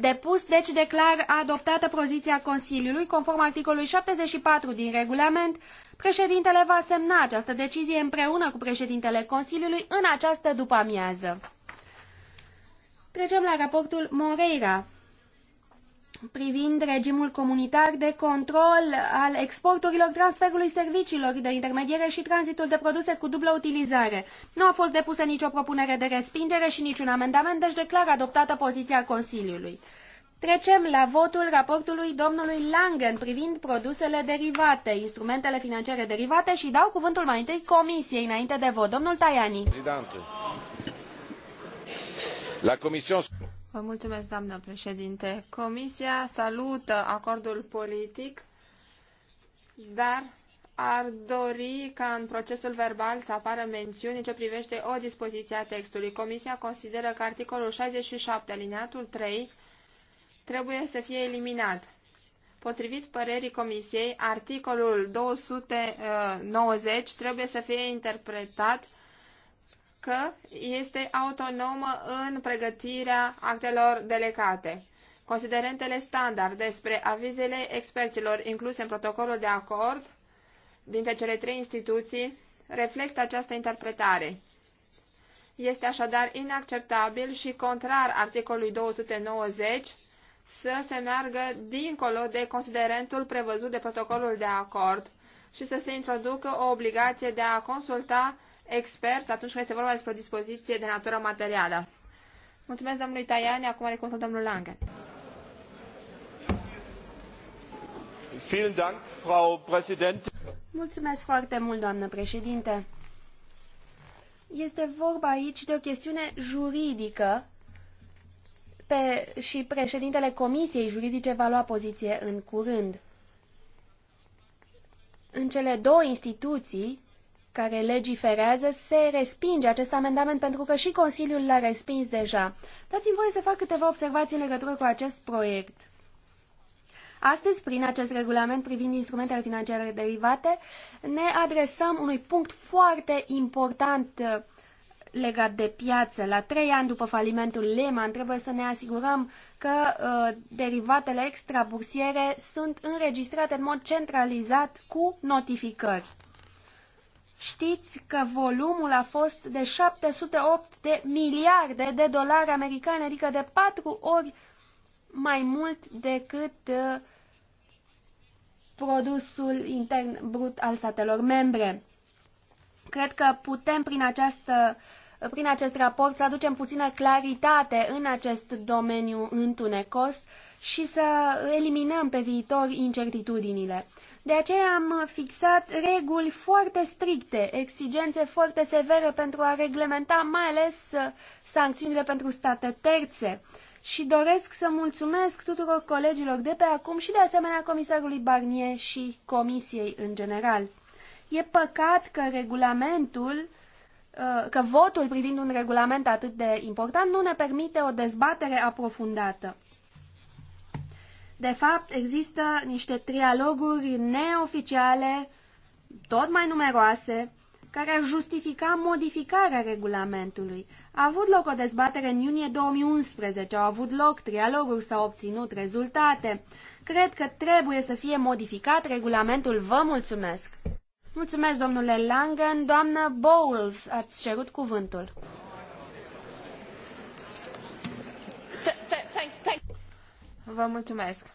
depus, deci declar adoptată poziția Consiliului, conform articolului 74 din regulament. Președintele va semna această decizie împreună cu președintele Consiliului în această după-amiază. Trecem la raportul Moreira privind regimul comunitar de control al exporturilor, transferului serviciilor de intermediere și tranzitul de produse cu dublă utilizare. Nu a fost depusă nicio propunere de respingere și niciun amendament, deci declar adoptată poziția Consiliului. Trecem la votul raportului domnului Langen privind produsele derivate, instrumentele financiare derivate și dau cuvântul mai întâi Comisiei înainte de vot. Domnul Tajani. La comision... Vă mulțumesc, doamnă președinte. Comisia salută acordul politic, dar ar dori ca în procesul verbal să apară mențiuni ce privește o dispoziție a textului. Comisia consideră că articolul 67, alineatul 3, trebuie să fie eliminat. Potrivit părerii Comisiei, articolul 290 uh, trebuie să fie interpretat că este autonomă în pregătirea actelor delegate. Considerentele standard despre avizele experților incluse în protocolul de acord dintre cele trei instituții reflectă această interpretare. Este așadar inacceptabil și contrar articolului 290 să se meargă dincolo de considerentul prevăzut de protocolul de acord și să se introducă o obligație de a consulta expert atunci când este vorba despre o dispoziție de natură materială. Mulțumesc domnului Taiani, acum are cuvântul domnul Lange. Mulțumesc foarte mult, doamnă președinte. Este vorba aici de o chestiune juridică pe, și președintele Comisiei Juridice va lua poziție în curând. În cele două instituții care legiferează se respinge acest amendament pentru că și Consiliul l-a respins deja. Dați-mi voie să fac câteva observații în legătură cu acest proiect. Astăzi, prin acest regulament privind instrumentele financiare derivate, ne adresăm unui punct foarte important uh, legat de piață. La trei ani după falimentul Lehman, trebuie să ne asigurăm că uh, derivatele extrabursiere sunt înregistrate în mod centralizat cu notificări. Știți că volumul a fost de 708 de miliarde de dolari americani, adică de patru ori mai mult decât uh, produsul intern brut al statelor membre. Cred că putem prin această prin acest raport să aducem puțină claritate în acest domeniu întunecos și să eliminăm pe viitor incertitudinile. De aceea am fixat reguli foarte stricte, exigențe foarte severe pentru a reglementa mai ales uh, sancțiunile pentru state terțe. Și doresc să mulțumesc tuturor colegilor de pe acum și de asemenea comisarului Barnier și comisiei în general. E păcat că regulamentul Uh, că votul privind un regulament atât de important nu ne permite o dezbatere aprofundată. De fapt, există niște trialoguri neoficiale, tot mai numeroase, care ar justifica modificarea regulamentului. A avut loc o dezbatere în iunie 2011, au avut loc trialoguri, s-au obținut rezultate. Cred că trebuie să fie modificat regulamentul. Vă mulțumesc! Mulțumesc, domnule Langen. Doamnă Bowles, ați cerut cuvântul. Vă mulțumesc.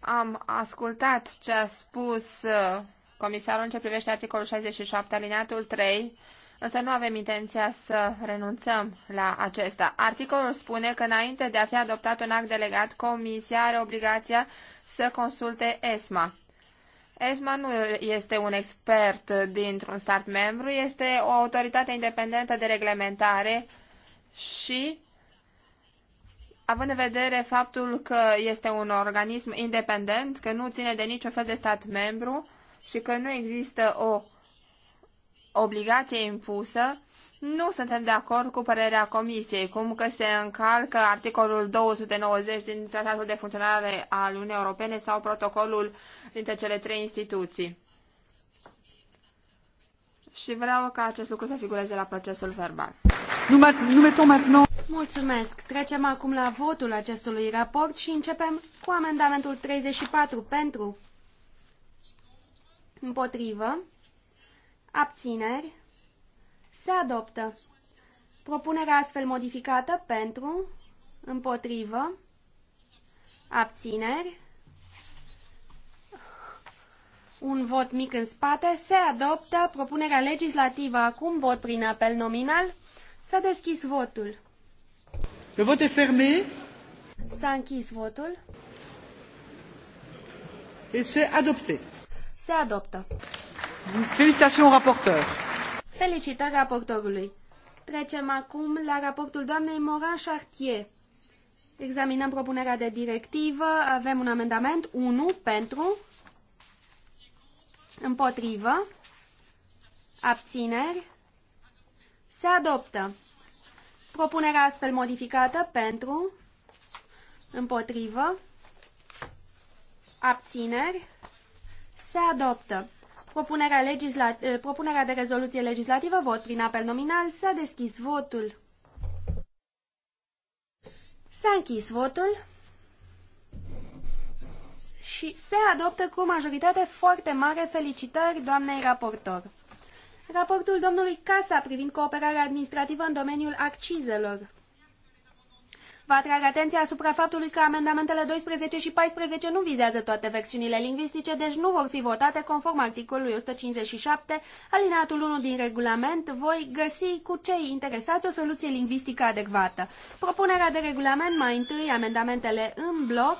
Am ascultat ce a spus uh, comisarul în ce privește articolul 67, alineatul 3, însă nu avem intenția să renunțăm la acesta. Articolul spune că înainte de a fi adoptat un act delegat, comisia are obligația să consulte ESMA. ESMA nu este un expert dintr-un stat membru, este o autoritate independentă de reglementare și, având în vedere faptul că este un organism independent, că nu ține de niciun fel de stat membru și că nu există o obligație impusă, nu suntem de acord cu părerea Comisiei, cum că se încalcă articolul 290 din Tratatul de Funcționare al Uniunii Europene sau protocolul dintre cele trei instituții. Și vreau ca acest lucru să figureze la procesul verbal. Mulțumesc. Trecem acum la votul acestui raport și începem cu amendamentul 34 pentru, împotrivă, abțineri, se adoptă. Propunerea astfel modificată pentru, împotrivă, abțineri, un vot mic în spate, se adoptă propunerea legislativă. Acum vot prin apel nominal. S-a deschis votul. Le vot e fermé. S-a închis votul. Et se adopte. Se adoptă. Felicitări au raporteur. Felicitări raportorului. Trecem acum la raportul doamnei Moran Chartier. Examinăm propunerea de directivă. Avem un amendament 1 pentru, împotrivă, abțineri, se adoptă. Propunerea astfel modificată pentru, împotrivă, abțineri, se adoptă. Propunerea, eh, Propunerea de rezoluție legislativă, vot prin apel nominal, s-a deschis votul. S-a închis votul și se adoptă cu majoritate foarte mare felicitări doamnei raportor. Raportul domnului Casa privind cooperarea administrativă în domeniul accizelor. Vă atrag atenția asupra faptului că amendamentele 12 și 14 nu vizează toate versiunile lingvistice, deci nu vor fi votate conform articolului 157, alineatul 1 din regulament. Voi găsi cu cei interesați o soluție lingvistică adecvată. Propunerea de regulament, mai întâi amendamentele în bloc,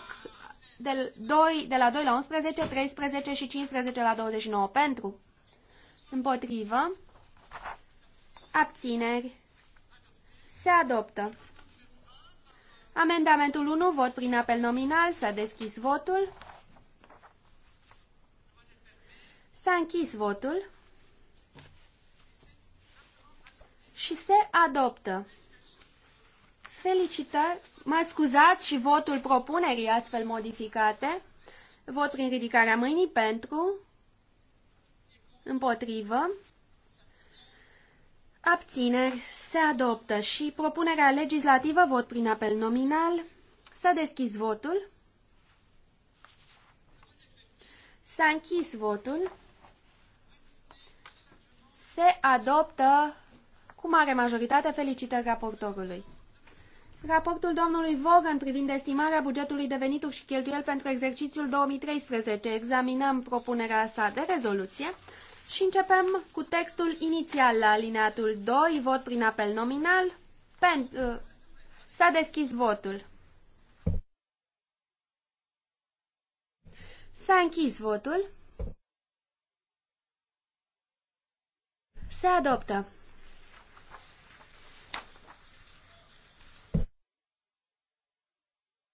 de, 2, de la 2 la 11, 13 și 15 la 29 pentru, împotrivă, abțineri, se adoptă. Amendamentul 1, vot prin apel nominal, s-a deschis votul. S-a închis votul și se adoptă. Felicitări! Mă scuzați și votul propunerii astfel modificate. Vot prin ridicarea mâinii pentru, împotrivă, Abțineri. Se adoptă și propunerea legislativă, vot prin apel nominal. S-a deschis votul. S-a închis votul. Se adoptă cu mare majoritate felicitări raportorului. Raportul domnului Vogan privind estimarea bugetului de venituri și cheltuieli pentru exercițiul 2013. Examinăm propunerea sa de rezoluție. Și începem cu textul inițial la alineatul 2, vot prin apel nominal. Uh, s-a deschis votul. S-a închis votul. Se adoptă.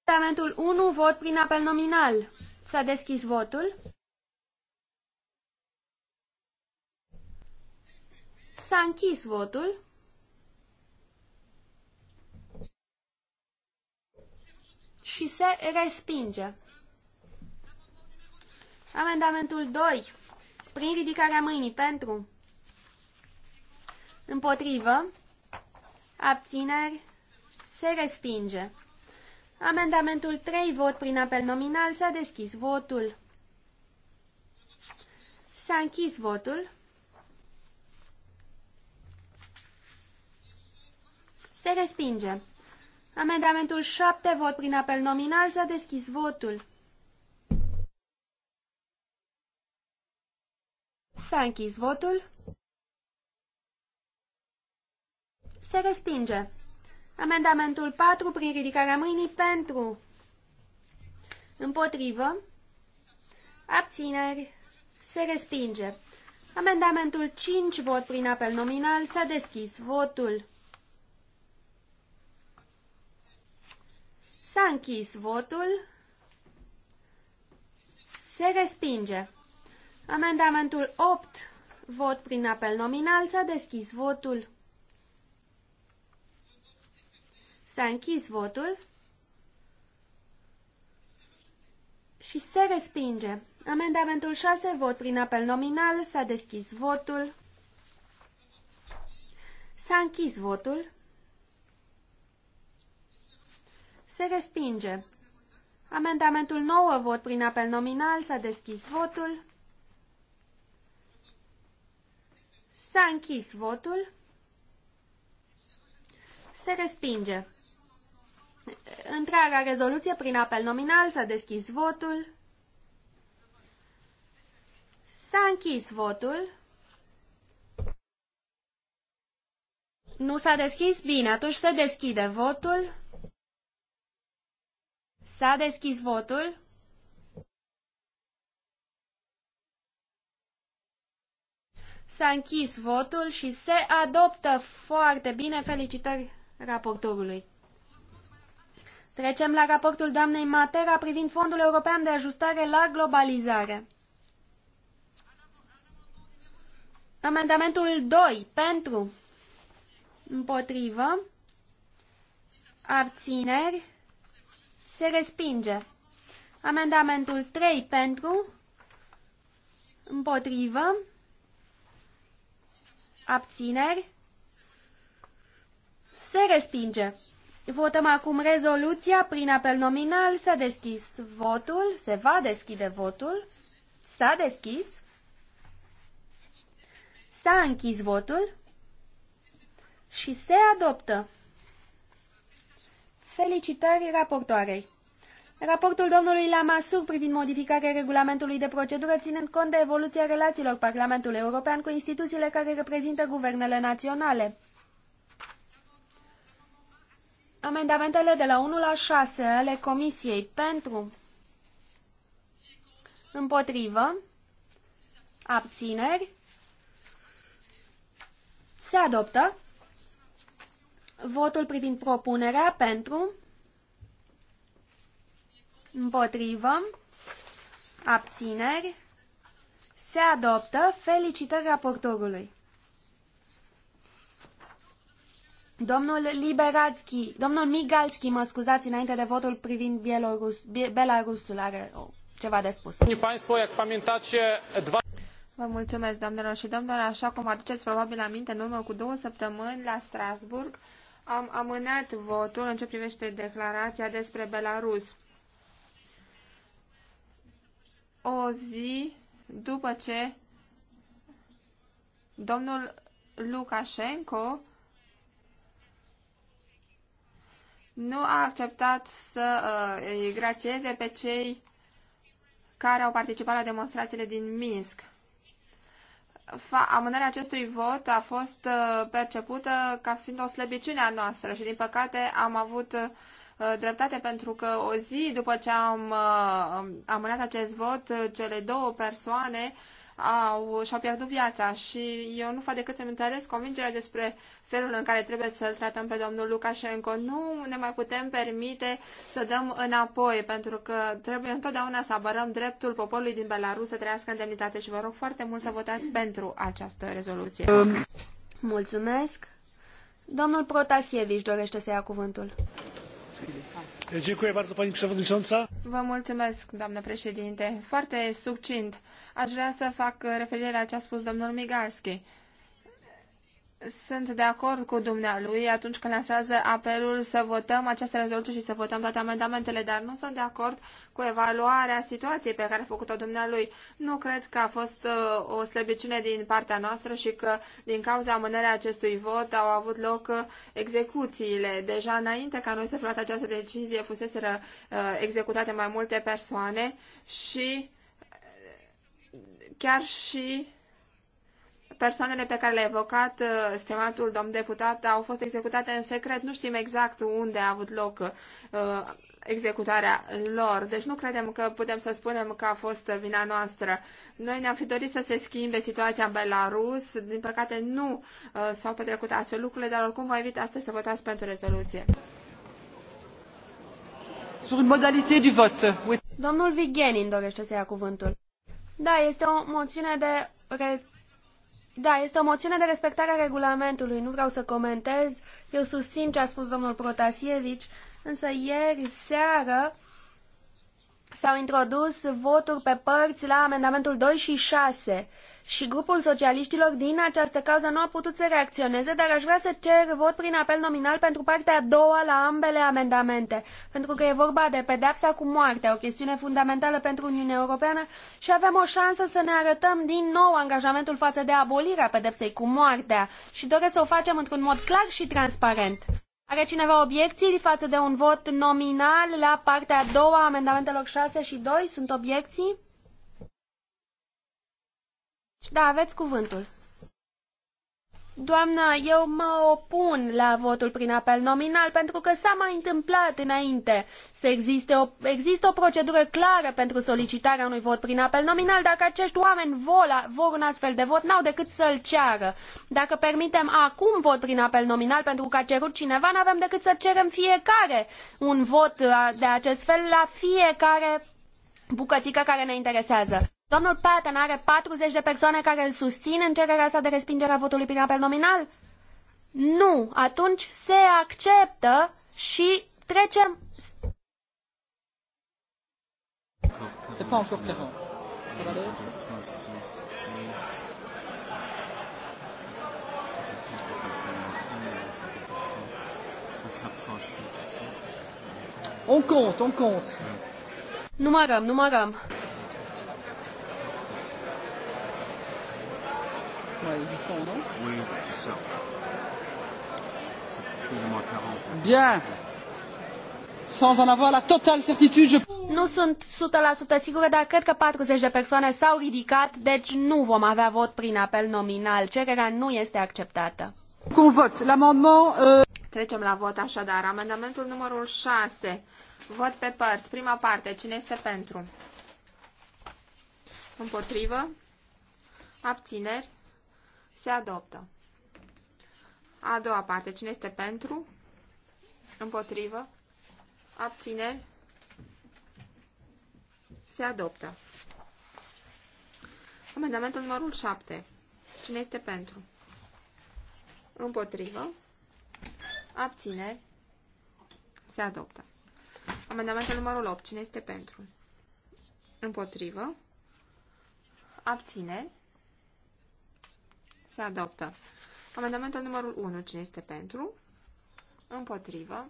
Amendamentul 1, vot prin apel nominal. S-a deschis votul. S-a închis votul. Și se respinge. Amendamentul 2. Prin ridicarea mâinii pentru. Împotrivă. Abțineri. Se respinge. Amendamentul 3. Vot prin apel nominal. S-a deschis votul. S-a închis votul. Se respinge. Amendamentul 7, vot prin apel nominal, s-a deschis votul. S-a închis votul. Se respinge. Amendamentul 4, prin ridicarea mâinii, pentru. Împotrivă. Abțineri. Se respinge. Amendamentul 5, vot prin apel nominal, s-a deschis votul. S-a închis votul. Se respinge. Amendamentul 8. Vot prin apel nominal. S-a deschis votul. S-a închis votul. Și se respinge. Amendamentul 6. Vot prin apel nominal. S-a deschis votul. S-a închis votul. Se respinge. Amendamentul 9, vot prin apel nominal, s-a deschis votul. S-a închis votul. Se respinge. Întreaga rezoluție prin apel nominal s-a deschis votul. S-a închis votul. Nu s-a deschis? Bine, atunci se deschide votul. S-a deschis votul. S-a închis votul și se adoptă foarte bine. Felicitări raportorului. Trecem la raportul doamnei Matera privind Fondul European de Ajustare la Globalizare. Amendamentul 2. Pentru. Împotrivă. Abțineri se respinge. Amendamentul 3 pentru, împotrivă, abțineri, se respinge. Votăm acum rezoluția prin apel nominal. S-a deschis votul, se va deschide votul, s-a deschis, s-a închis votul și se adoptă. Felicitări raportoarei. Raportul domnului Lamassoure privind modificarea regulamentului de procedură ținând cont de evoluția relațiilor Parlamentului European cu instituțiile care reprezintă guvernele naționale. Amendamentele de la 1 la 6 ale Comisiei pentru împotrivă abțineri se adoptă Votul privind propunerea pentru, împotrivă, abțineri, se adoptă. Felicitări raportorului. Domnul Liberatski, domnul Migalski, mă scuzați, înainte de votul privind Bielorus, Belarusul are o, ceva de spus. Vă mulțumesc, doamnelor și domnilor. Așa cum aduceți probabil aminte, în urmă cu două săptămâni la Strasburg am amânat votul în ce privește declarația despre Belarus. O zi după ce domnul Lukashenko nu a acceptat să uh, grațieze pe cei care au participat la demonstrațiile din Minsk amânarea acestui vot a fost uh, percepută ca fiind o slăbiciune a noastră și, din păcate, am avut uh, dreptate pentru că o zi după ce am uh, amânat acest vot, cele două persoane au, și-au pierdut viața și eu nu fac decât să-mi întăresc convingerea despre felul în care trebuie să-l tratăm pe domnul Lukashenko. Nu ne mai putem permite să dăm înapoi, pentru că trebuie întotdeauna să apărăm dreptul poporului din Belarus să trăiască în demnitate și vă rog foarte mult să votați pentru această rezoluție. Mulțumesc! Domnul Protasievici dorește să ia cuvântul. Vă mulțumesc, doamnă președinte. Foarte succint. Aș vrea să fac referire la ce a spus domnul Migalski. Sunt de acord cu dumnealui atunci când lansează apelul să votăm această rezoluție și să votăm toate amendamentele, dar nu sunt de acord cu evaluarea situației pe care a făcut-o dumnealui. Nu cred că a fost uh, o slăbiciune din partea noastră și că din cauza amânării acestui vot au avut loc uh, execuțiile. Deja înainte ca noi să luat această decizie fuseseră uh, executate mai multe persoane și chiar și persoanele pe care le-a evocat uh, stimatul domn deputat au fost executate în secret. Nu știm exact unde a avut loc uh, executarea lor. Deci nu credem că putem să spunem că a fost vina noastră. Noi ne-am fi dorit să se schimbe situația în Belarus. Din păcate nu uh, s-au petrecut astfel lucrurile, dar oricum vă invit astăzi să votați pentru rezoluție. Sur une Domnul Vigenin dorește să ia cuvântul. Da, este o moțiune de da, este o moțiune de respectare a regulamentului, nu vreau să comentez. Eu susțin ce a spus domnul Protasievici, însă ieri seară s-au introdus voturi pe părți la amendamentul 2 și 6 și grupul socialiștilor din această cauză nu a putut să reacționeze, dar aș vrea să cer vot prin apel nominal pentru partea a doua la ambele amendamente, pentru că e vorba de pedepsa cu moartea, o chestiune fundamentală pentru Uniunea Europeană și avem o șansă să ne arătăm din nou angajamentul față de abolirea pedepsei cu moartea și doresc să o facem într-un mod clar și transparent. Are cineva obiecții față de un vot nominal la partea a doua amendamentelor 6 și 2? Sunt obiecții? Da, aveți cuvântul. Doamnă, eu mă opun la votul prin apel nominal pentru că s-a mai întâmplat înainte să existe o, există o procedură clară pentru solicitarea unui vot prin apel nominal. Dacă acești oameni vor, vor un astfel de vot, n-au decât să-l ceară. Dacă permitem acum vot prin apel nominal pentru că a cerut cineva, n-avem decât să cerem fiecare un vot de acest fel la fiecare bucățică care ne interesează. Domnul Patten are 40 de persoane care îl susțin în cererea sa de respingere a votului prin apel nominal? Nu. Atunci se acceptă și trecem... On compte, on compte. Numărăm, numărăm. Oui, ça. C'est plus ou moins 40. Bien. Sans en avoir la totale certitude, je... Nu sunt 100% sigură, dar cred că 40 de persoane s-au ridicat, deci nu vom avea vot prin apel nominal. Cererea nu este acceptată. Cum vot? L'amendement... Euh... Trecem la vot așadar. Amendamentul numărul 6. Vot pe părți. Prima parte. Cine este pentru? Împotrivă? Abțineri? Se adoptă. A doua parte. Cine este pentru? Împotrivă? Abțineri? Se adoptă. Amendamentul numărul 7. Cine este pentru? Împotrivă? Abțineri? Se adoptă. Amendamentul numărul 8. Cine este pentru? Împotrivă? Abțineri? Se adoptă. Amendamentul numărul 1. Cine este pentru? Împotrivă.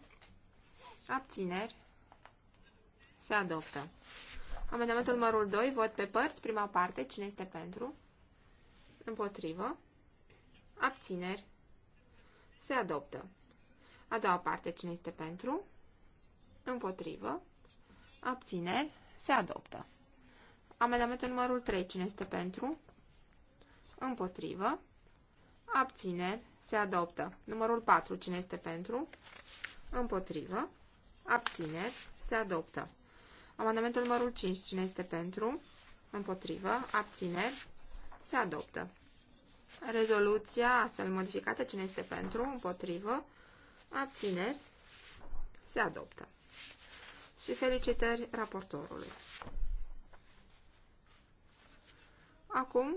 Abțineri. Se adoptă. Amendamentul numărul 2. Vot pe părți. Prima parte. Cine este pentru? Împotrivă. Abțineri. Se adoptă. A doua parte. Cine este pentru? Împotrivă. Abțineri. Se adoptă. Amendamentul numărul 3. Cine este pentru? Împotrivă. Abțineri. Se adoptă. Numărul 4. Cine este pentru? Împotrivă. Abțineri. Se adoptă. Amendamentul numărul 5. Cine este pentru? Împotrivă. Abțineri. Se adoptă. Rezoluția astfel modificată. Cine este pentru? Împotrivă. Abțineri. Se adoptă. Și felicitări raportorului. Acum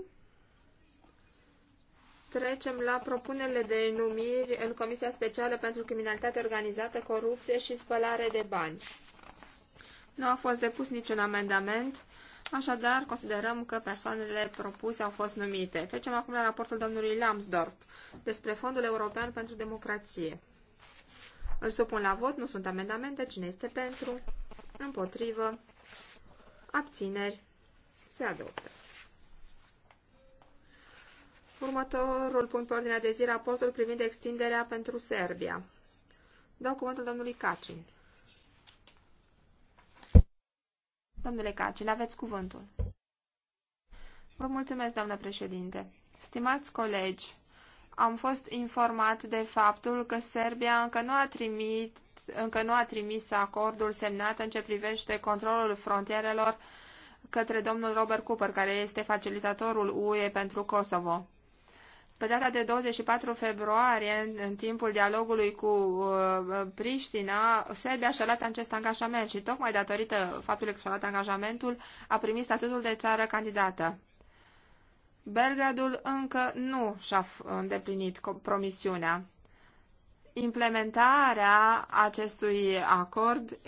Trecem la propunerile de numiri în Comisia Specială pentru Criminalitate Organizată, Corupție și Spălare de Bani. Nu a fost depus niciun amendament, așadar considerăm că persoanele propuse au fost numite. Trecem acum la raportul domnului Lambsdorp despre Fondul European pentru Democrație. Îl supun la vot, nu sunt amendamente, cine este pentru, împotrivă, abțineri, se adoptă. Următorul punct pe ordinea de zi, raportul privind extinderea pentru Serbia. Dau cuvântul domnului Cacin. Domnule Cacin, aveți cuvântul. Vă mulțumesc, doamnă președinte. Stimați colegi, am fost informat de faptul că Serbia încă nu a trimit încă nu a trimis acordul semnat în ce privește controlul frontierelor către domnul Robert Cooper, care este facilitatorul UE pentru Kosovo. Pe data de 24 februarie, în, în timpul dialogului cu uh, Priștina, Serbia și-a luat acest angajament și tocmai datorită faptului că și-a luat angajamentul, a primit statutul de țară candidată. Belgradul încă nu și-a îndeplinit promisiunea. Implementarea acestui acord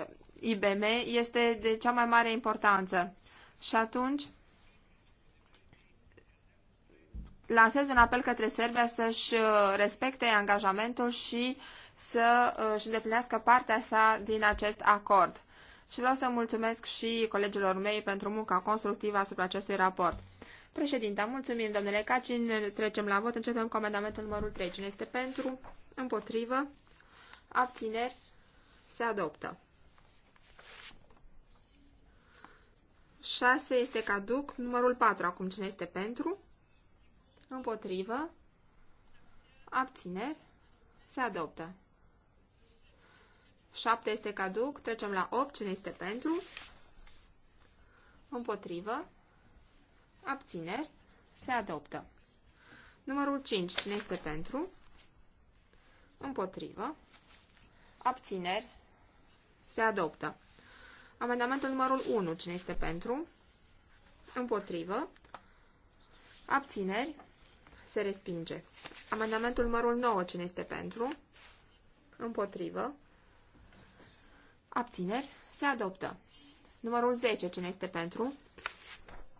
IBM este de cea mai mare importanță. Și atunci, lansez un apel către Serbia să-și uh, respecte angajamentul și să își uh, îndeplinească partea sa din acest acord. Și vreau să mulțumesc și colegilor mei pentru munca constructivă asupra acestui raport. Președinte, mulțumim, domnule Cacin. Trecem la vot. Începem cu amendamentul numărul 3. Cine este pentru? Împotrivă? Abțineri? Se adoptă. 6 este caduc. Numărul 4. Acum cine este pentru? Împotrivă. Abțineri. Se adoptă. 7 este caduc. Trecem la 8. Cine este pentru? Împotrivă. Abțineri. Se adoptă. Numărul 5. Cine este pentru? Împotrivă. Abțineri. Se adoptă. Amendamentul numărul 1. Cine este pentru? Împotrivă. Abțineri se respinge. Amendamentul numărul 9, cine este pentru? Împotrivă. Abțineri, se adoptă. Numărul 10, cine este pentru?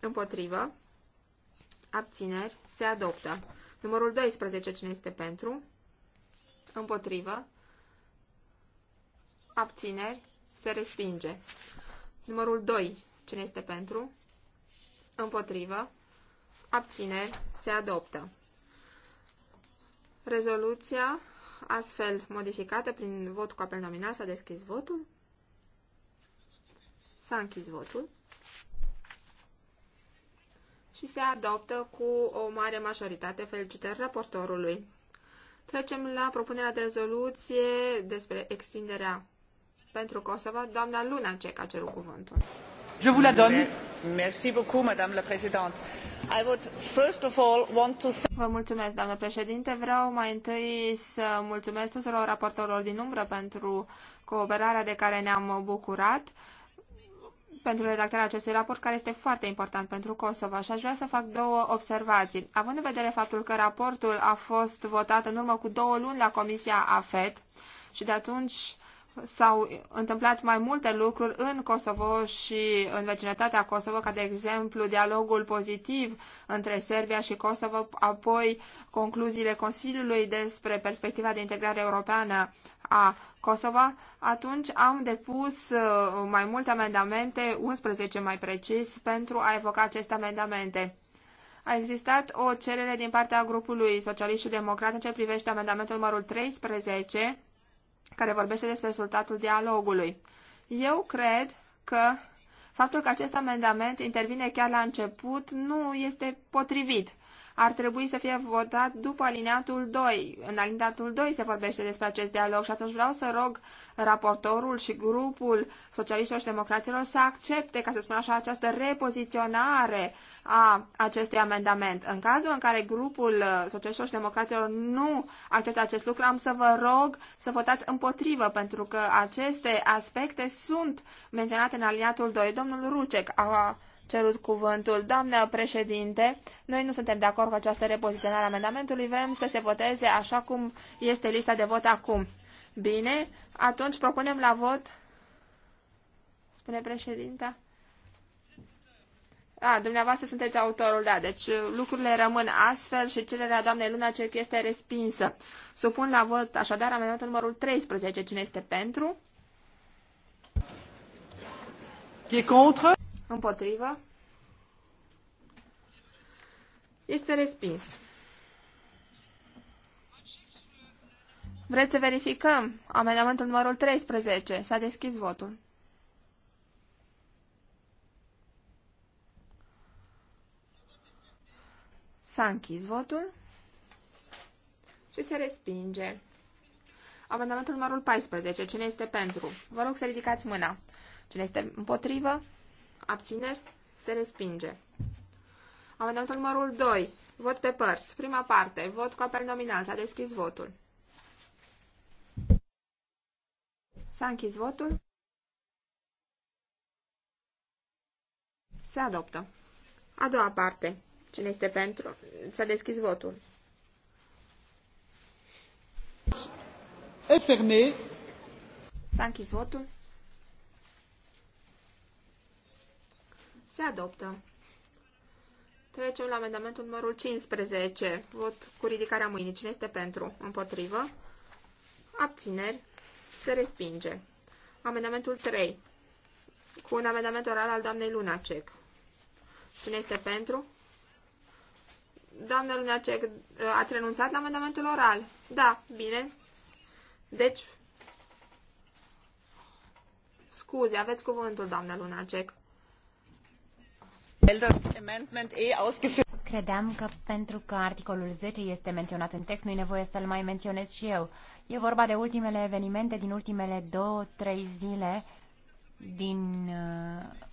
Împotrivă. Abțineri, se adoptă. Numărul 12, cine este pentru? Împotrivă. Abțineri, se respinge. Numărul 2, cine este pentru? Împotrivă. Abțineri, se adoptă. Rezoluția astfel modificată prin vot cu apel nominal s-a deschis votul. S-a închis votul și se adoptă cu o mare majoritate. Felicitări raportorului. Trecem la propunerea de rezoluție despre extinderea pentru Kosova. Doamna Lunacek a cerut cuvântul. Je vous la donne. Merci beaucoup, Madame la Présidente. I would first of all want to... Vă mulțumesc, doamnă președinte. Vreau mai întâi să mulțumesc tuturor raportorilor din umbră pentru cooperarea de care ne-am bucurat pentru redactarea acestui raport, care este foarte important pentru Kosovo și aș vrea să fac două observații. Având în vedere faptul că raportul a fost votat în urmă cu două luni la Comisia AFET și de atunci s-au întâmplat mai multe lucruri în Kosovo și în vecinătatea Kosovo, ca de exemplu dialogul pozitiv între Serbia și Kosovo, apoi concluziile Consiliului despre perspectiva de integrare europeană a Kosovo, atunci am depus uh, mai multe amendamente, 11 mai precis, pentru a evoca aceste amendamente. A existat o cerere din partea grupului socialist și democrat în ce privește amendamentul numărul 13, care vorbește despre rezultatul dialogului. Eu cred că faptul că acest amendament intervine chiar la început nu este potrivit ar trebui să fie votat după alineatul 2. În alineatul 2 se vorbește despre acest dialog și atunci vreau să rog raportorul și grupul socialiștilor și democraților să accepte, ca să spun așa, această repoziționare a acestui amendament. În cazul în care grupul uh, socialiștilor și democraților nu acceptă acest lucru, am să vă rog să votați împotrivă, pentru că aceste aspecte sunt menționate în alineatul 2. Domnul Rucec a cerut cuvântul. Doamnă președinte, noi nu suntem de acord cu această repoziționare a amendamentului, vrem să se voteze așa cum este lista de vot acum. Bine, atunci propunem la vot, spune președinta. A, dumneavoastră sunteți autorul, da, deci lucrurile rămân astfel și cererea doamnei Lunacek este respinsă. Supun la vot așadar amendamentul numărul 13. Cine este pentru? Qui est contre? Împotrivă. Este respins. Vreți să verificăm? Amendamentul numărul 13. S-a deschis votul. S-a închis votul și se respinge. Amendamentul numărul 14. Cine este pentru? Vă rog să ridicați mâna. Cine este împotrivă? Abțineri? Se respinge. Amendamentul numărul 2. Vot pe părți. Prima parte. Vot cu apel nominal. S-a deschis votul. S-a închis votul. Se adoptă. A doua parte. Cine este pentru? S-a deschis votul. E fermé. S-a închis votul. Se adoptă. Trecem la amendamentul numărul 15. Vot cu ridicarea mâinii. Cine este pentru? Împotrivă? Abțineri? Se respinge. Amendamentul 3. Cu un amendament oral al doamnei Lunacek. Cine este pentru? Doamna Lunacek, uh, ați renunțat la amendamentul oral? Da, bine. Deci, scuze, aveți cuvântul, doamna Lunacek. Credeam că pentru că articolul zece este menționat în text, nu e nevoie să-l mai menionez și eu. E vorba de ultimele evenimente din ultimele două, trei zile din uh,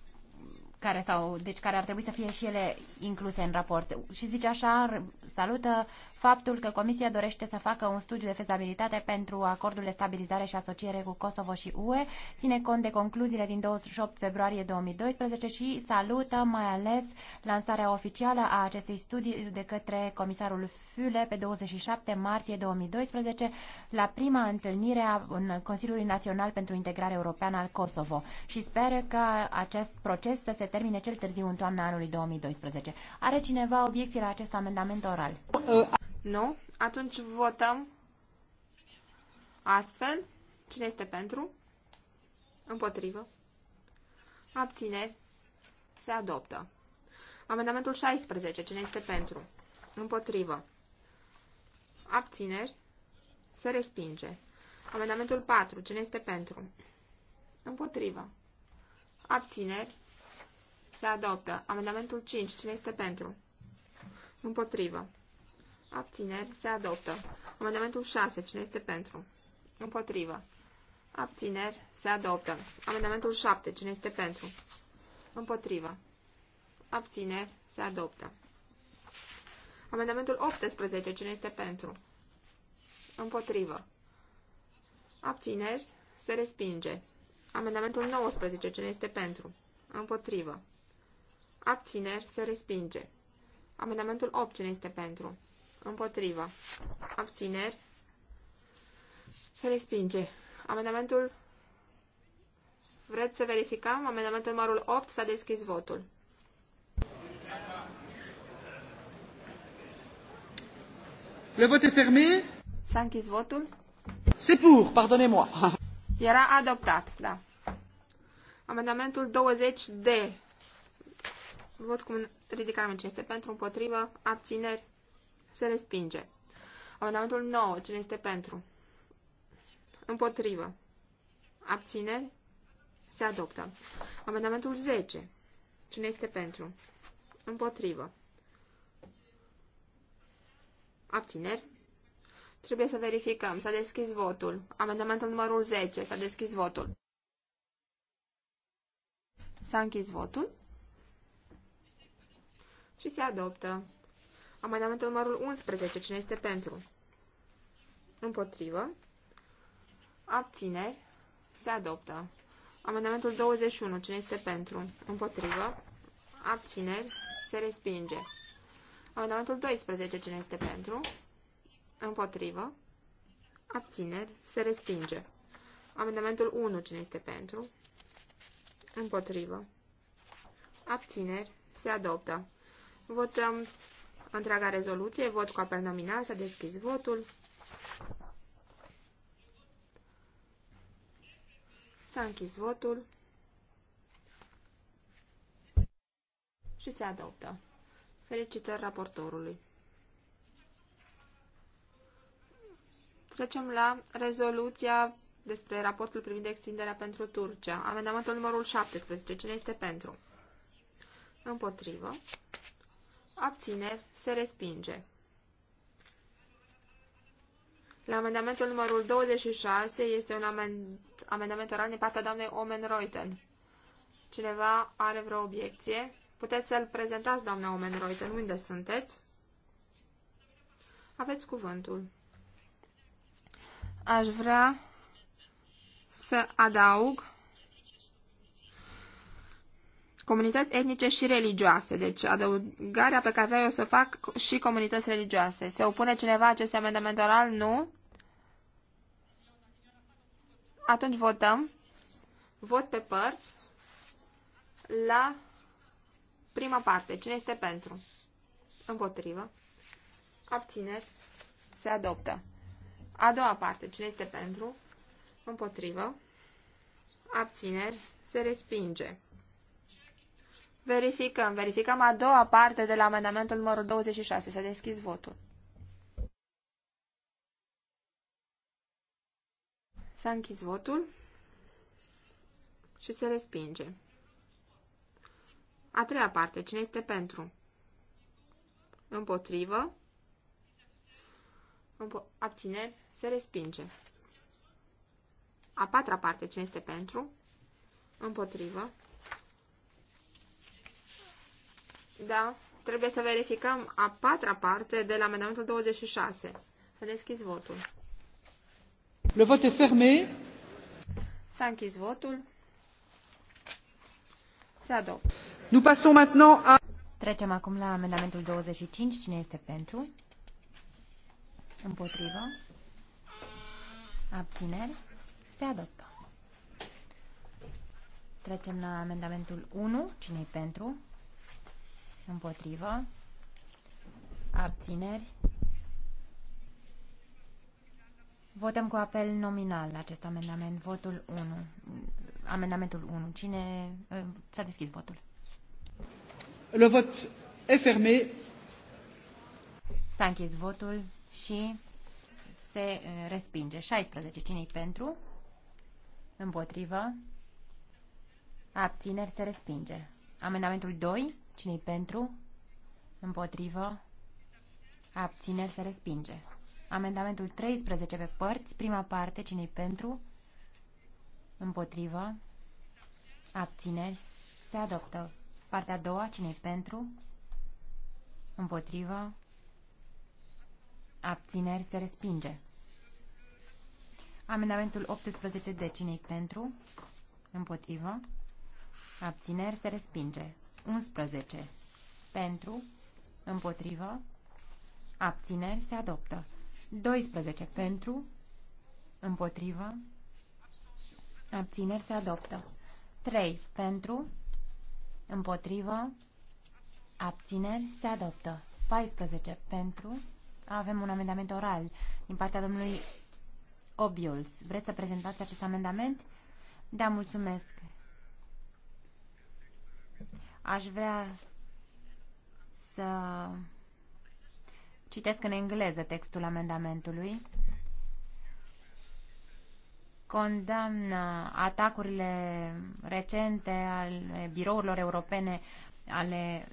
care sau deci care ar trebui să fie și ele incluse în raport. Și zice așa, salută faptul că Comisia dorește să facă un studiu de fezabilitate pentru acordul de stabilizare și asociere cu Kosovo și UE, ține cont de concluziile din 28 februarie 2012 și salută mai ales lansarea oficială a acestui studiu de către comisarul Füle pe 27 martie 2012 la prima întâlnire a Consiliului Național pentru Integrare Europeană al Kosovo și speră că acest proces să se termine cel târziu în toamna anului 2012. Are cineva obiecții la acest amendament oral? Nu? Atunci votăm astfel. Cine este pentru? Împotrivă. Abțineri. Se adoptă. Amendamentul 16. Cine este pentru? Împotrivă. Abțineri. Se respinge. Amendamentul 4. Cine este pentru? Împotrivă. Abțineri. Se adoptă. Amendamentul 5. Cine este pentru? Împotrivă. Abțineri. Se adoptă. Amendamentul 6. Cine este pentru? Împotrivă. Abțineri. Se adoptă. Amendamentul 7. Cine este pentru? Împotrivă. Abțineri. Se adoptă. Amendamentul 18. Cine este pentru? Împotrivă. Abțineri. Se respinge. Amendamentul 19. Cine este pentru? Împotrivă. Abțineri se respinge. Amendamentul 8 cine este pentru? Împotrivă. Abțineri se respinge. Amendamentul Vreți să verificăm? Amendamentul numărul 8 s-a deschis votul. Le vote est fermé. S-a închis votul. C'est pour, pardonnez-moi. Era adoptat, da. Amendamentul 20D. Vot cu ridicare mâncii Cine este pentru? Împotrivă? Abțineri? Se respinge. Amendamentul 9. Cine este pentru? Împotrivă. Abțineri? Se adoptă. Amendamentul 10. Cine este pentru? Împotrivă. Abțineri? Trebuie să verificăm. S-a deschis votul. Amendamentul numărul 10. S-a deschis votul. S-a închis votul și se adoptă. Amendamentul numărul 11. Cine este pentru? Împotrivă. Abține. Se adoptă. Amendamentul 21. Cine este pentru? Împotrivă. Abțineri. Se respinge. Amendamentul 12. Cine este pentru? Împotrivă. Abțineri. Se respinge. Amendamentul 1. Cine este pentru? Împotrivă. Abțineri. Se adoptă. Votăm întreaga rezoluție, vot cu apel nominal, s-a deschis votul. S-a închis votul și se adoptă. Felicitări raportorului. Trecem la rezoluția despre raportul privind extinderea pentru Turcia. Amendamentul numărul 17. Cine este pentru? Împotrivă abțineri, se respinge. La amendamentul numărul 26 este un amend amendament oral din partea doamnei Omen Reuten. Cineva are vreo obiecție? Puteți să-l prezentați, doamna Omen Reuten. Unde sunteți? Aveți cuvântul. Aș vrea să adaug comunități etnice și religioase. Deci adăugarea pe care vreau eu să fac și comunități religioase. Se opune cineva acest amendament oral? Nu? Atunci votăm. Vot pe părți la prima parte. Cine este pentru? Împotrivă. Abțineri. Se adoptă. A doua parte. Cine este pentru? Împotrivă. Abțineri. Se respinge. Verificăm. Verificăm a doua parte de la amendamentul numărul 26. Să deschis votul. S-a închis votul și se respinge. A treia parte. Cine este pentru? Împotrivă. Împo abține, Se respinge. A patra parte. Cine este pentru? Împotrivă. Da, trebuie să verificăm a patra parte de la amendamentul 26. Să deschis votul. Le vot est fermé. S-a închis votul. Se adoptă. Nous passons maintenant à... Trecem acum la amendamentul 25. Cine este pentru? Împotrivă? Abțineri? Se adoptă. Trecem la amendamentul 1. cine e pentru? Împotrivă. Abțineri. Votăm cu apel nominal la acest amendament. Votul 1. Amendamentul 1. Cine... Ă, s-a deschis votul. Le vot e fermé. S-a închis votul și se ă, respinge. 16. Cine-i pentru? Împotrivă. Abțineri se respinge. Amendamentul 2. Cine-i pentru? Împotrivă? Abțineri se respinge. Amendamentul 13 pe părți, prima parte, cine-i pentru? Împotrivă? Abțineri se adoptă. Partea a doua, cine-i pentru? Împotrivă? Abțineri se respinge. Amendamentul 18 de cine pentru? Împotrivă? Abțineri se respinge. 11. Pentru, împotrivă, abțineri se adoptă. 12. Pentru, împotrivă, abțineri se adoptă. 3. Pentru, împotrivă, abțineri se adoptă. 14. Pentru, avem un amendament oral din partea domnului Obiuls. Vreți să prezentați acest amendament? Da, mulțumesc. Aș vrea să citesc în engleză textul amendamentului. Condamnă atacurile recente ale birourilor europene ale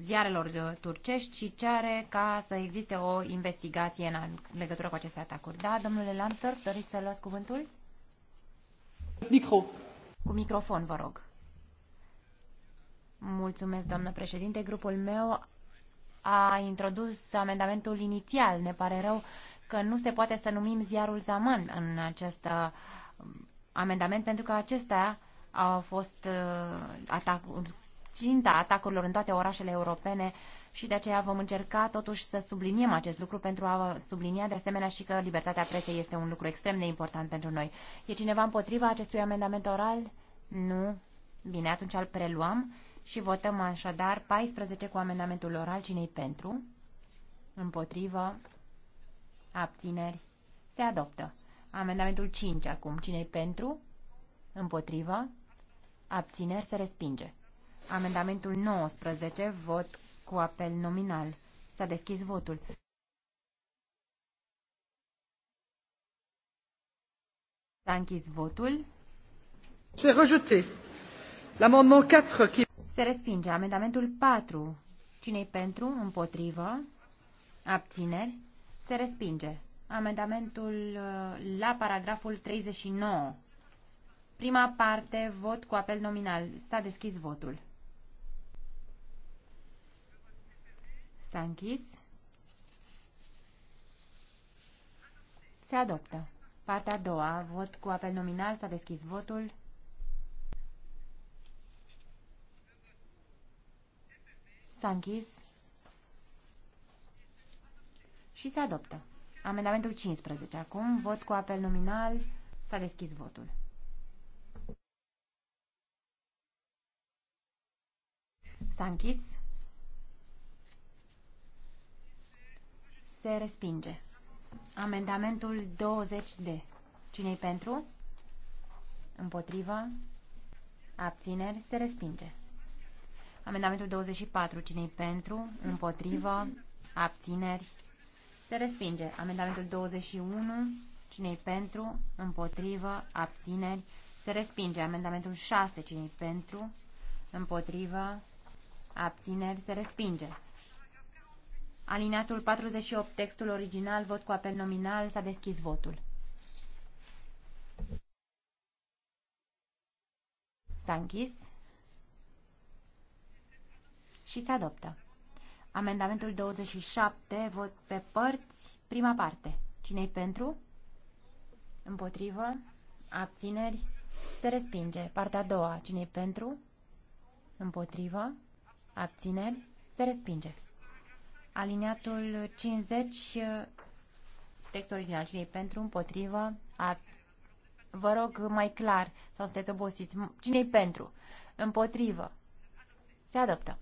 ziarelor turcești și cere ca să existe o investigație în legătură cu aceste atacuri. Da, domnule Lansdorf, doriți să luați cuvântul? Micro. Cu microfon, vă rog. Mulțumesc, doamnă președinte. Grupul meu a introdus amendamentul inițial. Ne pare rău că nu se poate să numim ziarul Zaman în acest um, amendament, pentru că acesta a fost uh, atac, cinta atacurilor în toate orașele europene și de aceea vom încerca totuși să subliniem acest lucru pentru a sublinia de asemenea și că libertatea presei este un lucru extrem de important pentru noi. E cineva împotriva acestui amendament oral? Nu. Bine, atunci îl preluăm. Și votăm așadar 14 cu amendamentul oral. cinei pentru? Împotrivă? Abțineri? Se adoptă. Amendamentul 5 acum. cinei pentru? Împotrivă? Abțineri? Se respinge. Amendamentul 19. Vot cu apel nominal. S-a deschis votul. S-a închis votul. Se rejeté. L'amendement 4 qui se respinge. Amendamentul 4. Cine-i pentru? Împotrivă. Abțineri. Se respinge. Amendamentul uh, la paragraful 39. Prima parte, vot cu apel nominal. S-a deschis votul. S-a închis. Se adoptă. Partea a doua, vot cu apel nominal, s-a deschis votul. S-a închis. Și se adoptă. Amendamentul 15. Acum, vot cu apel nominal. S-a deschis votul. S-a închis. Se respinge. Amendamentul 20D. Cine-i pentru? Împotrivă? Abțineri? Se respinge. Amendamentul 24. Cine-i pentru? Împotrivă? Abțineri? Se respinge. Amendamentul 21. Cine-i pentru? Împotrivă? Abțineri? Se respinge. Amendamentul 6. Cine-i pentru? Împotrivă? Abțineri? Se respinge. Alineatul 48, textul original, vot cu apel nominal, s-a deschis votul. S-a închis și se adoptă. Amendamentul 27, vot pe părți, prima parte. Cine-i pentru? Împotrivă? Abțineri? Se respinge. Partea a doua. Cine-i pentru? Împotrivă? Abțineri? Se respinge. Aliniatul 50, text original. Cine-i pentru? Împotrivă? Ab... Vă rog mai clar, sau sunteți obosiți. Cine-i pentru? Împotrivă? Se adoptă.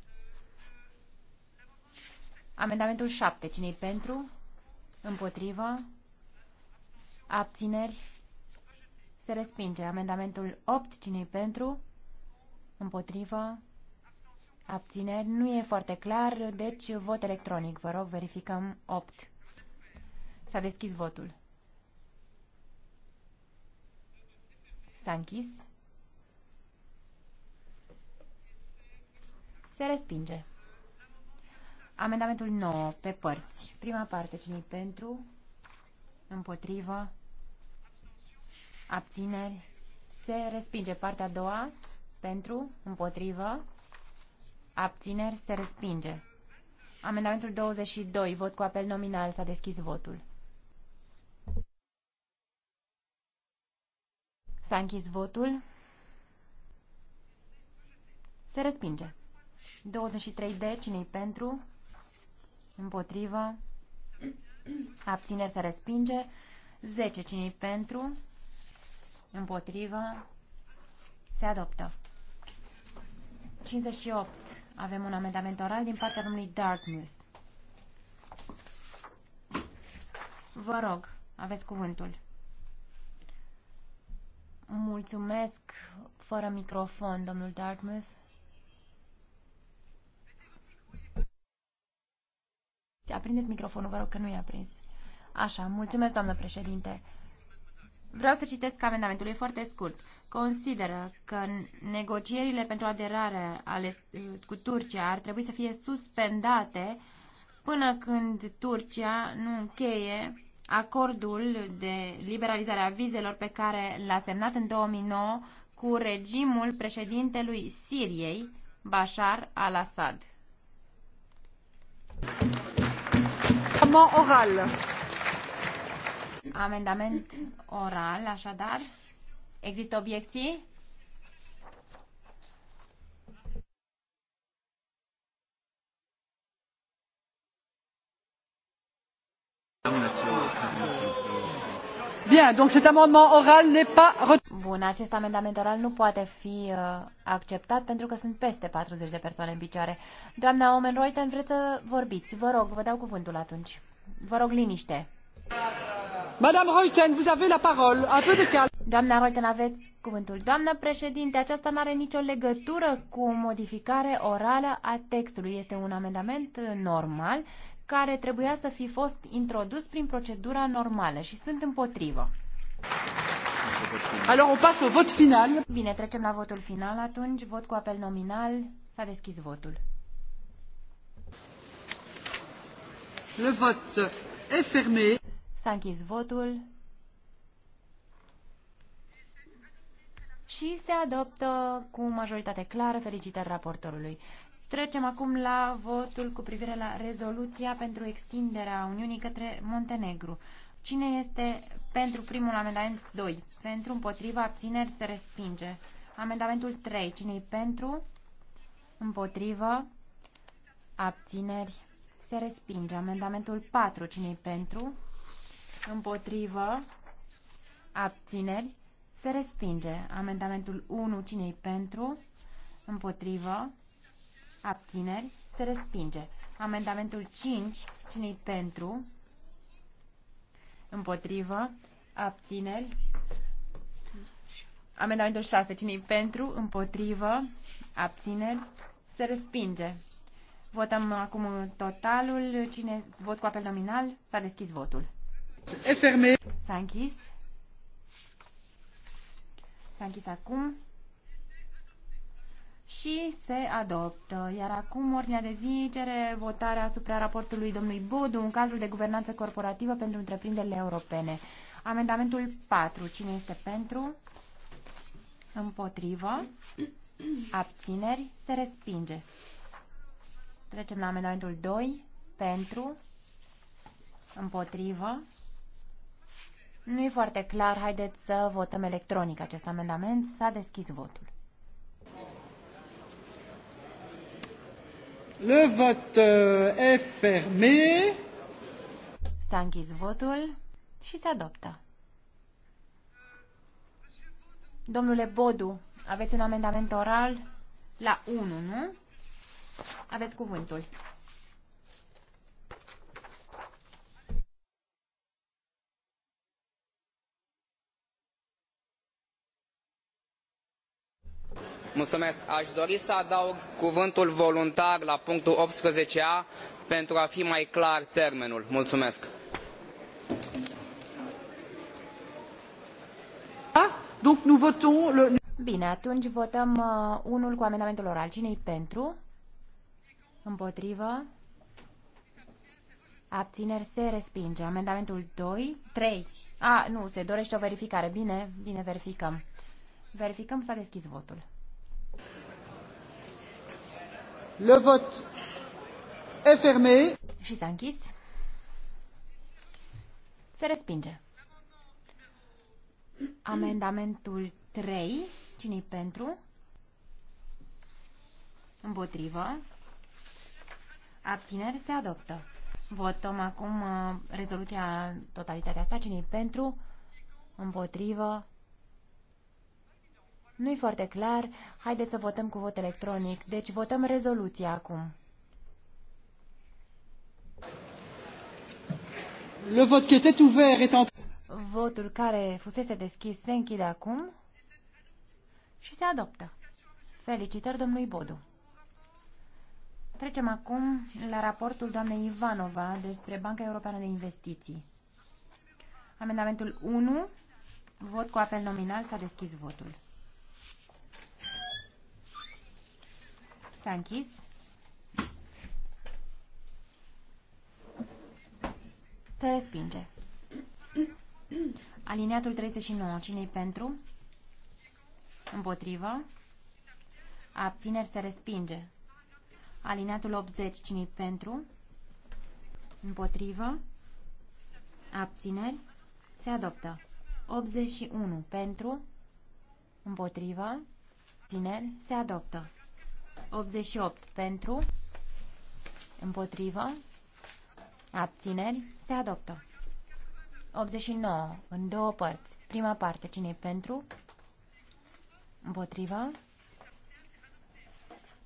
Amendamentul 7. Cine-i pentru? Împotrivă? Abțineri? Se respinge. Amendamentul 8. Cine-i pentru? Împotrivă? Abțineri? Nu e foarte clar, deci vot electronic. Vă rog, verificăm 8. S-a deschis votul. S-a închis. Se respinge. Amendamentul 9, pe părți. Prima parte, cine pentru? Împotrivă? Abțineri? Se respinge. Partea a doua, pentru? Împotrivă? Abțineri? Se respinge. Amendamentul 22, vot cu apel nominal, s-a deschis votul. S-a închis votul. Se respinge. 23D, cine-i pentru? Împotrivă. Abțineri se respinge. 10. cine pentru? Împotrivă. Se adoptă. 58. Avem un amendament oral din partea domnului Dartmouth. Vă rog, aveți cuvântul. Mulțumesc, fără microfon, domnul Dartmouth. Aprindeți microfonul, vă rog că nu i-a prins. Așa, mulțumesc, doamnă președinte. Vreau să citesc amendamentul, e foarte scurt. Consideră că negocierile pentru aderare ale, uh, cu Turcia ar trebui să fie suspendate până când Turcia nu încheie acordul de liberalizare a vizelor pe care l-a semnat în 2009 cu regimul președintelui Siriei, Bashar al-Assad amendement oral. Amendament oral, așadar. Există obiecții? Bun, acest amendament oral nu poate fi uh, acceptat pentru că sunt peste 40 de persoane în picioare. Doamna Omen Reuten, vreți să vorbiți? Vă rog, vă dau cuvântul atunci. Vă rog, liniște. Madame Reuten, vous avez la parole. Un peu de calme. Doamna Reuten, aveți cuvântul. Doamna președinte, aceasta nu are nicio legătură cu modificare orală a textului. Este un amendament uh, normal care trebuia să fi fost introdus prin procedura normală și sunt împotrivă. Alors on passe au vot final. Bine, trecem la votul final atunci. Vot cu apel nominal. S-a deschis votul. Le vot est fermé. S-a închis votul. și se adoptă cu majoritate clară. Felicitări raportorului. Trecem acum la votul cu privire la rezoluția pentru extinderea Uniunii către Montenegru. Cine este pentru primul amendament 2? Pentru, împotriva, abțineri, se respinge. Amendamentul 3. cine e pentru? Împotrivă, abțineri, se respinge. Amendamentul 4. cine e pentru? Împotrivă, abțineri, se respinge. Amendamentul 1. cine e pentru? Împotrivă, abțineri, se respinge. Amendamentul 5, cine pentru, împotrivă, abțineri. Amendamentul 6, cine pentru, împotrivă, abțineri, se respinge. Votăm acum totalul. Cine vot cu apel nominal? S-a deschis votul. S-a închis. S-a închis acum și se adoptă. Iar acum ordinea de zi cere votarea asupra raportului domnului Bodu în cadrul de guvernanță corporativă pentru întreprinderile europene. Amendamentul 4. Cine este pentru? Împotrivă? Abțineri? Se respinge. Trecem la amendamentul 2. Pentru? Împotrivă? Nu e foarte clar. Haideți să votăm electronic acest amendament. S-a deschis votul. Le vot euh, est fermé. S-a închis votul și se adoptă. Domnule Bodu, aveți un amendament oral la 1, nu? Aveți cuvântul. Mulțumesc. Aș dori să adaug cuvântul voluntar la punctul 18a pentru a fi mai clar termenul. Mulțumesc. Ah, bine, atunci votăm uh, unul cu amendamentul oral. Cine-i pentru? Împotrivă? Abțineri se respinge. Amendamentul 2, 3. A, nu, se dorește o verificare. Bine, bine, verificăm. Verificăm, s-a deschis votul. Le vot est fermé. Și s-a închis. Se respinge. Amendamentul 3. cine pentru? Împotrivă. Abțineri se adoptă. Votăm acum uh, rezoluția totalitatea asta. cine pentru? Împotrivă. Nu-i foarte clar. Haideți să votăm cu vot electronic. Deci votăm rezoluția acum. Le vot qui était ouvert est en... Votul care fusese deschis se închide acum și se adoptă. Felicitări domnului Bodu. Trecem acum la raportul doamnei Ivanova despre Banca Europeană de Investiții. Amendamentul 1, vot cu apel nominal, s-a deschis votul. S-a închis. Se respinge. Alineatul 39. Cine-i pentru? Împotrivă. Abțineri se respinge. Alineatul 80. Cine-i pentru? Împotrivă. Abțineri se adoptă. 81. Pentru. Împotrivă. Abțineri se adoptă. 88 pentru, împotrivă, abțineri, se adoptă. 89 în două părți. Prima parte, cine pentru, împotrivă,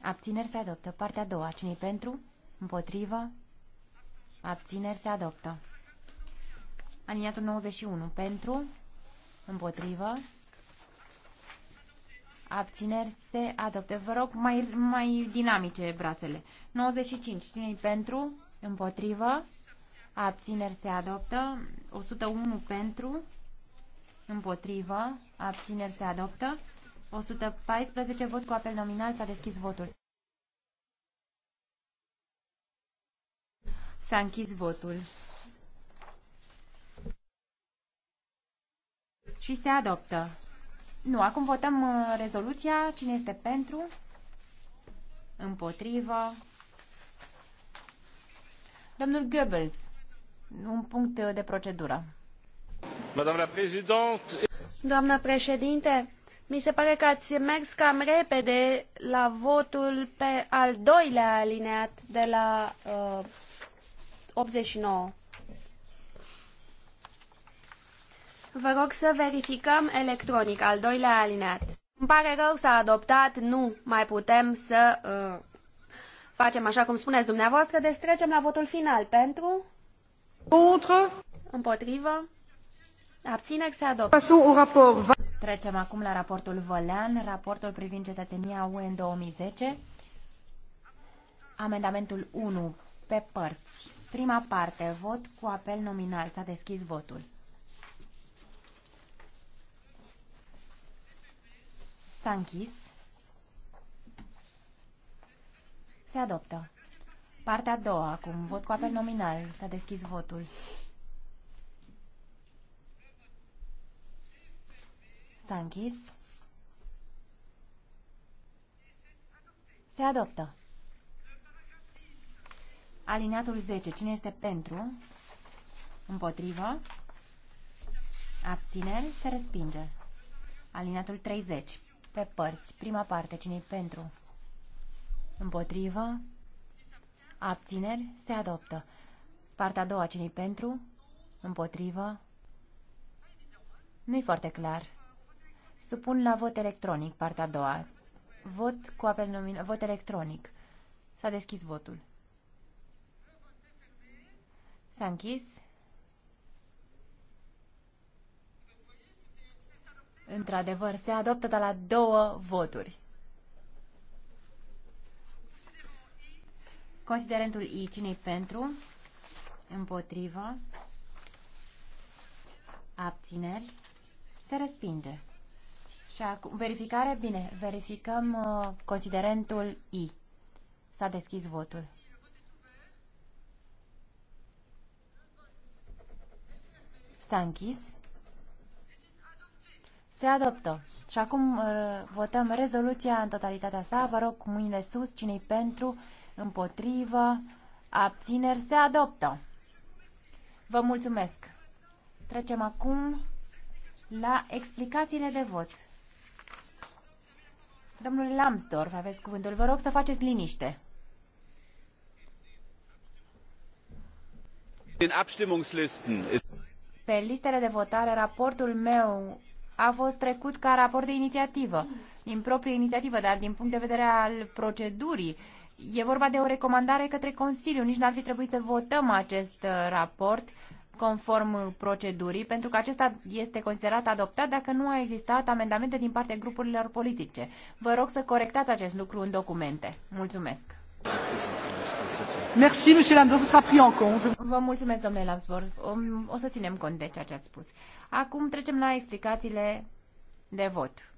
abțineri, se adoptă. Partea a doua, cine pentru, împotrivă, abțineri, se adoptă. Aliniatul 91 pentru, împotrivă, abțineri, se adoptă. Vă rog, mai, mai dinamice brațele. 95. cine pentru? Împotrivă. Abțineri se adoptă. 101 pentru. Împotrivă. Abțineri se adoptă. 114 vot cu apel nominal. S-a deschis votul. S-a închis votul. Și se adoptă. Nu, acum votăm uh, rezoluția. Cine este pentru? Împotrivă. Domnul Goebbels, un punct uh, de procedură. Doamna președinte, mi se pare că ați mers cam repede la votul pe al doilea alineat de la uh, 89. Vă rog să verificăm electronic al doilea alineat. Îmi pare rău, s-a adoptat, nu mai putem să uh, facem așa cum spuneți dumneavoastră, deci trecem la votul final pentru... Contre. Împotrivă. Abțineri se adoptă. raport. Trecem acum la raportul Vălean, raportul privind cetățenia UE în 2010. Amendamentul 1 pe părți. Prima parte, vot cu apel nominal. S-a deschis votul. S-a închis. Se adoptă. Partea a doua acum. Vot cu apel nominal. S-a deschis votul. S-a închis. Se adoptă. Alineatul 10. Cine este pentru? Împotrivă? Abțineri? Se respinge. Alineatul 30. Pe părți. Prima parte. cine pentru? Împotrivă. Abțineri. Se adoptă. Partea a doua. cine pentru? Împotrivă. Nu-i foarte clar. Supun la vot electronic partea a doua. Vot cu apel nominal. Vot electronic. S-a deschis votul. S-a închis. Într-adevăr, se adoptă de la două voturi. Considerentul I, cine pentru? Împotrivă? Abțineri? Se respinge. Și acum, verificare? Bine, verificăm uh, considerentul I. S-a deschis votul. S-a închis. Se adoptă. Și acum uh, votăm rezoluția în totalitatea sa. Vă rog, cu mâinile sus, cine-i pentru, împotrivă, abțineri, se adoptă. Vă mulțumesc. Trecem acum la explicațiile de vot. Domnule Lambsdorff, aveți cuvântul. Vă rog să faceți liniște. Pe listele de votare, raportul meu a fost trecut ca raport de inițiativă, din proprie inițiativă, dar din punct de vedere al procedurii, e vorba de o recomandare către Consiliu. Nici n-ar fi trebuit să votăm acest uh, raport conform procedurii, pentru că acesta este considerat adoptat dacă nu a existat amendamente din partea grupurilor politice. Vă rog să corectați acest lucru în documente. Mulțumesc! Merci, monsieur Lambsdorff, sera pris en compte. Vă mulțumesc, domnule Lambsdorff. O, o să ținem cont de ceea ce ați spus. Acum trecem la explicațiile de vot.